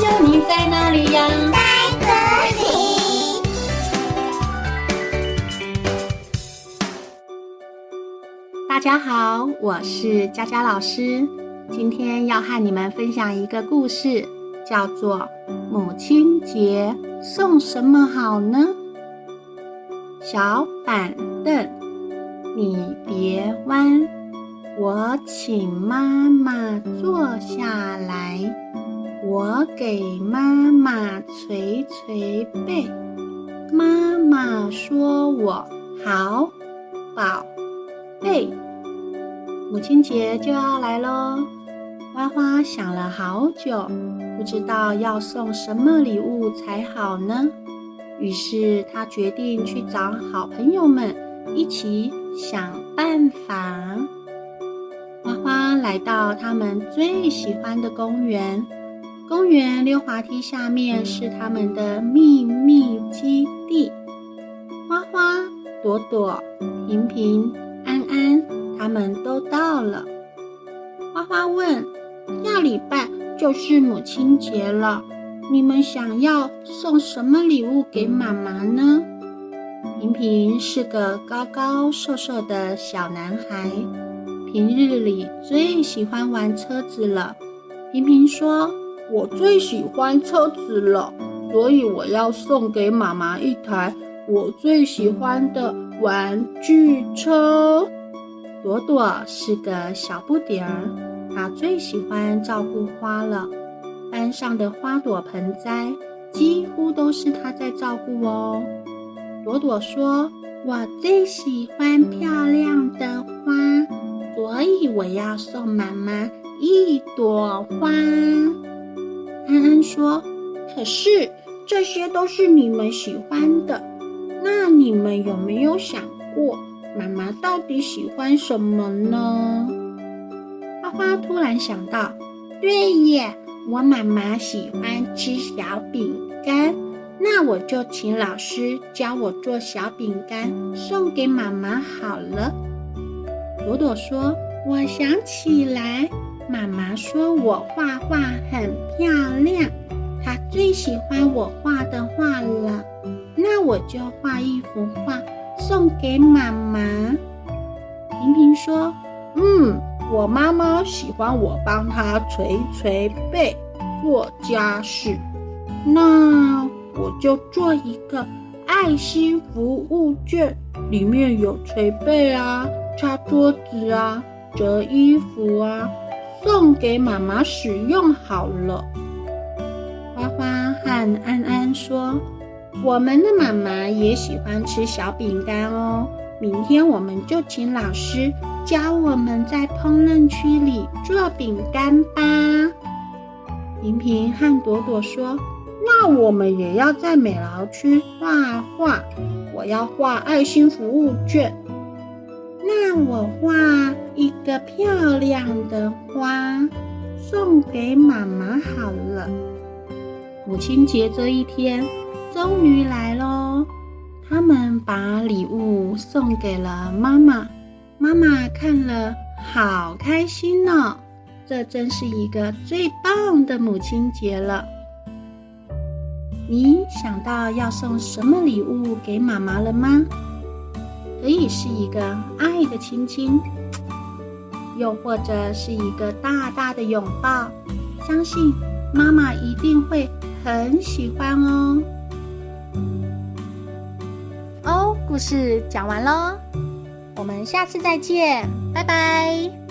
有你在那裡呀？在這裡。大家好，我是佳佳老師，今天要和你們分享一個故事，叫做《母親節送什麼好呢》。小板凳，你別彎，我請媽媽坐下來。我給媽媽捶捶背，媽媽說我好寶貝。母親節就要來嘍，花花想了好久，不知道要送什麼禮物才好呢。於是她決定去找好朋友們一起想辦法。花花來到他們最喜歡的公園。公園溜滑梯下面是他們的秘密基地。花花、朵朵、平平、安安，他們都到了。花花問：“下禮拜就是母親節了，你們想要送什麼禮物給媽媽呢？”平平是個高高瘦瘦的小男孩，平日裡最喜歡玩車子了。平平說。我最喜歡車子了，所以我要送給媽媽一台我最喜歡的玩具車。朵朵是個小不點兒，她最喜歡照顧花了。班上的花朵盆栽幾乎都是她在照顧哦。朵朵說：“我最喜歡漂亮的花，所以我要送媽媽一朵花。”安安說：“可是這些都是你們喜歡的，那你們有沒有想過媽媽到底喜歡什麼呢？”花花突然想到：“對耶，我媽媽喜歡吃小餅乾，那我就請老師教我做小餅乾送給媽媽好了。”朵朵說：“我想起來。”媽媽說，我畫畫很漂亮，她最喜歡我畫的畫了。那我就畫一幅畫送給媽媽。平平說：“嗯，我媽媽喜歡我幫她捶捶背、做家事，那我就做一個愛心服務券，裡面有捶背啊、擦桌子啊、折衣服啊。”送給媽媽使用好了。花花和安安說：“我們的媽媽也喜歡吃小餅乾哦，明天我們就請老師教我們在烹飪區裡做餅乾吧。”平平和朵朵說：“那我們也要在美勞區畫畫，我要畫愛心服務券，那我畫。”一個漂亮的花送給媽媽好了。母親節這一天終於來嘍！他們把禮物送給了媽媽，媽媽看了好開心呢，哦。這真是一個最棒的母親節了。你想到要送什麼禮物給媽媽了嗎？可以是一個愛的親親。又或者是一個大大的擁抱，相信媽媽一定會很喜歡哦。哦，故事講完嘍，我們下次再見，拜拜。